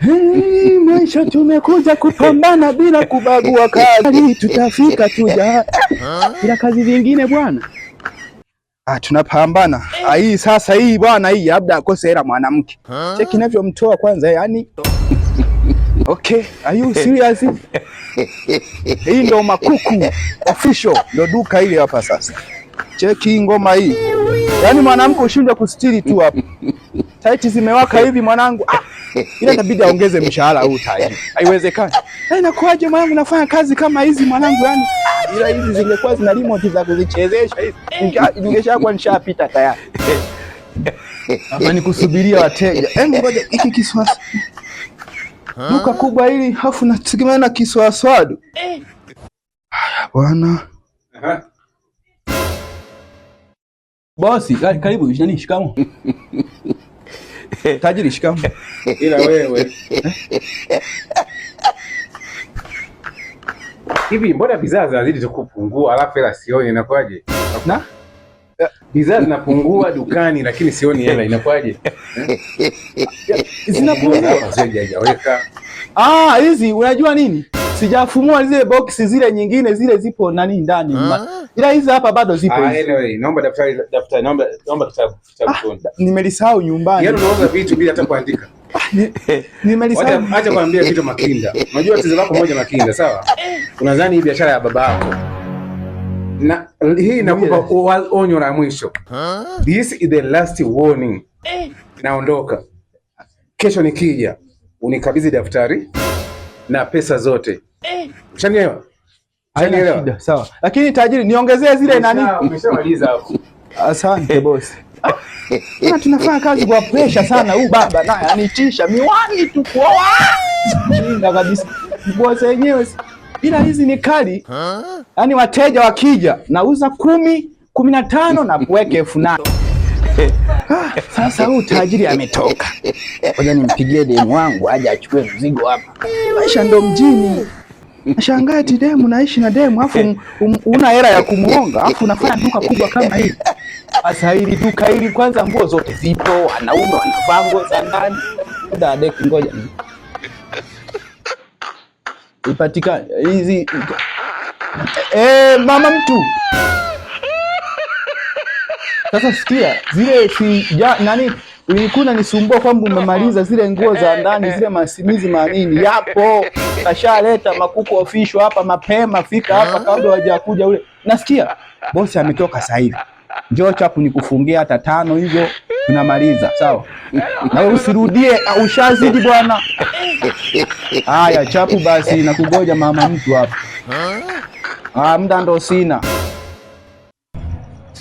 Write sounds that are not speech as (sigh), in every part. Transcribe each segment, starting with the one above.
Hey, maisha tumekuja kupambana bila kubagua kazi, tutafika tuja bila kazi zingine bwana. Ah, tunapambana ah, hii sasa, hii bwana, hii labda akose hela mwanamke, cheki inavyomtoa kwanza, yani Okay, are you serious? Hii ndo makuku official, ndo duka ile hapa sasa. Cheki ngoma hii, yaani mwanamke ushindwe kustiri tu hapa taiti zimewaka (laughs) hivi mwanangu, ah, ila inabidi aongeze mshahara huu taiti. Haiwezekani. Eh, Inakuaje mwanangu, nafanya kazi kama hizi mwanangu, yani ila hizi zingekuwa zina remote za kuzichezesha hizi, eh. kwa nishapita tayari. Hapa (laughs) ni kusubiria wateja. Hebu eh, ngoja hiki kiswaswa. Duka kubwa hili hafu na tegemea na kiswaswadu. Haya bwana. Bosi, karibu. Nani? Shikamoo. (laughs) (laughs) Tajiri, shikamoo. Ila wewe hivi, mbona bidhaa zinazidi tukupungua, alafu hela sioni, inakwaje Na bidhaa zinapungua dukani, lakini sioni hela, inakwaje? (laughs) Zinapungua ah, hizi, unajua nini Sijafumua zile boksi zile nyingine zile zipo nani ndani. Ah. Ila hizi hapa bado zipo. Ah, anyway, naomba daftari daftari naomba naomba kitabu kitabu. Ah, nimelisahau nyumbani. Yaani unauza vitu bila hata kuandika. Ah, (laughs) nimelisahau. Acha kuambia vitu Makinda. Unajua tatizo lako moja Makinda, sawa? Unadhani hii biashara ya baba yako. Na hii inakupa onyo la mwisho. This is the last warning. Naondoka. Kesho nikija unikabidhi daftari na pesa zote. Eh, ushanielewa? Haina sawa. Lakini tajiri niongezee zile nani? Umeshamaliza hapo. Asante bosi. Na tunafanya kazi kwa pressure sana huyu baba naye anitisha miwani tu kwa chinga kabisa. Bosi wenyewe bila hizi ni kali. Yaani wateja wakija nauza kumi, kumi na tano na kuweka elfu nane. Ah, sasa huyu tajiri ametoka. Ngoja nimpigie demu wangu aje achukue mzigo hapa. Maisha ndo mjini. Nashangaa ti demu naishi na demu afu um, um, una hela ya kumuonga afu unafanya duka kubwa kama hili. Sasa hili duka hili kwanza nguo zote zipo, wanaume wanavaa nguo za ndani. Dada deki ngoja. Ipatikane hizi eh, mama mtu sasa sikia zile si ja, nani ulikuwa unanisumbua kwamba umemaliza zile nguo za ndani zile masimizi manini yapo, kashaleta makuku ofisho hapa mapema, fika hapa kabla hawajakuja ule. Nasikia bosi ametoka sasa hivi, njoo chapu nikufungia hata tano hivyo tunamaliza sawa, na usirudie, ushazidi bwana. Haya chapu, basi nakugoja mama mtu hapa. Ah, muda ndo sina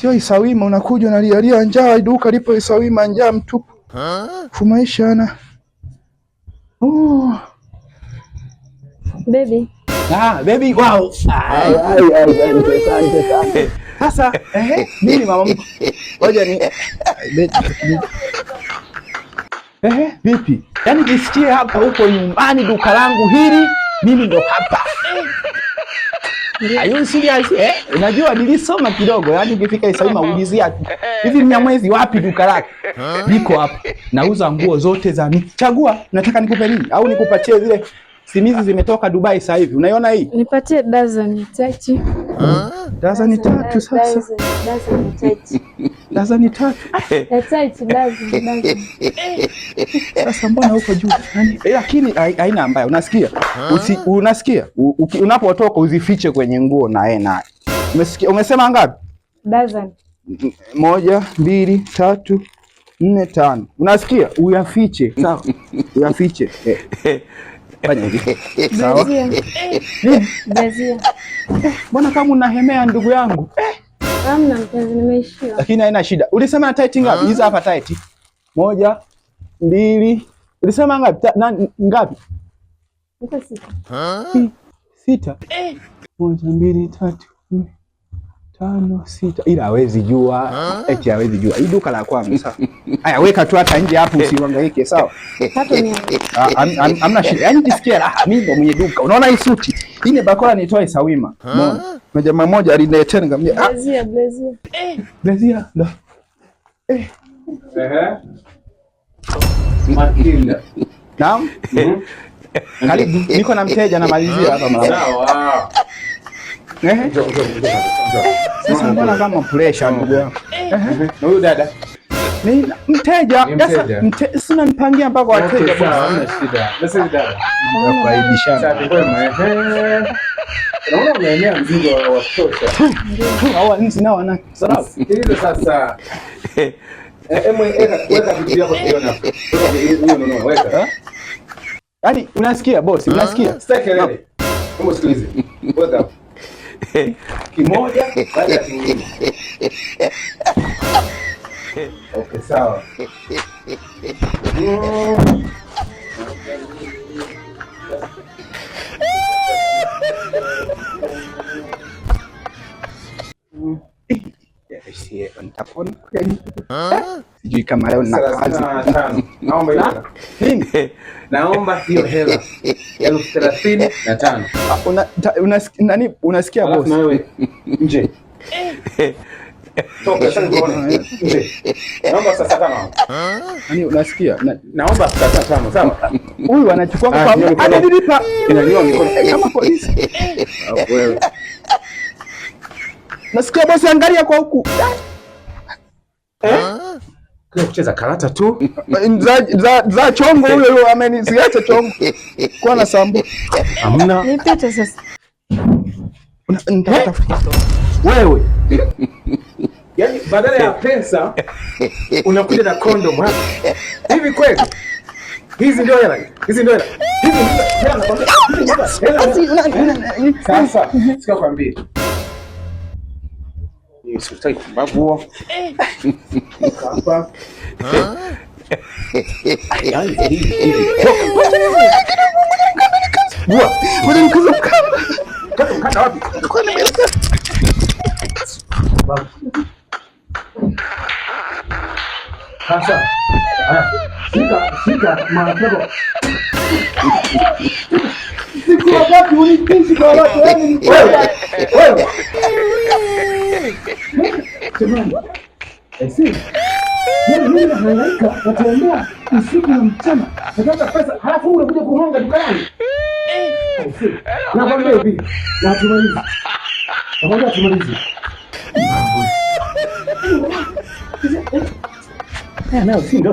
sio Isawima, unakuja unalialia njaa, duka lipo Isawima, njaa mtupu, fumaisha ana oh. Baby. Ah, baby, wow. Sasa, eh, nini mama? Ngoja ni. Eh, vipi? Yaani jisikie hapa huko nyumbani duka langu hili, mimi ndo hapa. Are you serious? Eh, unajua nilisoma kidogo, yaani ukifika Isai maulizia tu. Hivi Mnyamwezi wapi duka lake Liko hapa. Nauza nguo zote za mimi. Chagua, nataka nikupe nini? Au nikupatie zile simizi zimetoka Dubai sasa hivi. Unaiona hii? Nipatie dozen chachi. Darasa ni tatu sasa. Darasa ni tatu. Sasa mbona huko juu? Yaani, eh, lakini haina unasikia? Unasikia? Unapotoka uzifiche kwenye nguo naye naye. Umesikia? Umesema ngapi? Moja, mbili, tatu, nne, tano. Unasikia? Uyafiche. Sawa. (laughs) Uyafiche. Eh. (laughs) Fanya hivi. Eh. Mbona kama unahemea ndugu yangu? Eh. Hamna mpenzi, nimeishiwa. Lakini haina shida. Ulisema na tight ngapi? Ah. Hizi hapa tight. Moja, mbili. Ulisema ngapi? Ngapi? Sita. Sita. Eh. Moja, mbili, tatu, nne tano sita, ila hawezi jua eti hawezi jua hii duka la kwangu. Sasa haya weka tu hata nje hapo, usiwangaike Sawa, hamna ah, shida. Yani jisikia raha, mimi ndo mwenye duka. Unaona hii suti hii ni bakora nitoe sawima. Na jamaa mmoja aliniletea nikamwambia, ah! blazia blazia eh, blazia ndo eh, ehe, Matilda. Naam, hmm? niko na mteja, namalizia hapa mara Sawa. Eh? Sasa mbona kama pressure ndugu yangu? Eh. Eh? huyu dada ni mteja sasa, sina mpangia mpaka wateja ah. (laughs) Yaani unasikia bosi, unasikia? Sikilize kimoja baada ya kingine. Okay, sawa. Mm. sijui kama leo nina kazi. (laughs) Naomba hiyo hela elfu thelathini na tano. Ah, nani unasikia boss? Nje. (laughs) Huyu anachukua kwa ah, eh, kama polisi. Ah, Nasikia bosi, angalia kwa huku ya kucheza karata tu eh, za, za, za chongo huyo huyo ameniziacha chongo kwa na sambu. hamna nipite sasa wewe yani, badala ya pesa unakuja na kondom hapa hivi kweli? Hizi ndio hela, hizi ndio hela, hizi ndio hela. Ah, sasa sikakwambia sitaki kubagua (laughs) Jamani, nahangaika natembea usiku na mchana nataka pesa, halafu unakuja kuhonga dukani. Nakwambia hivi, na tumalize, nakwambia tumalize. Nao si ndio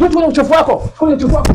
uchafu wako, uchafu wako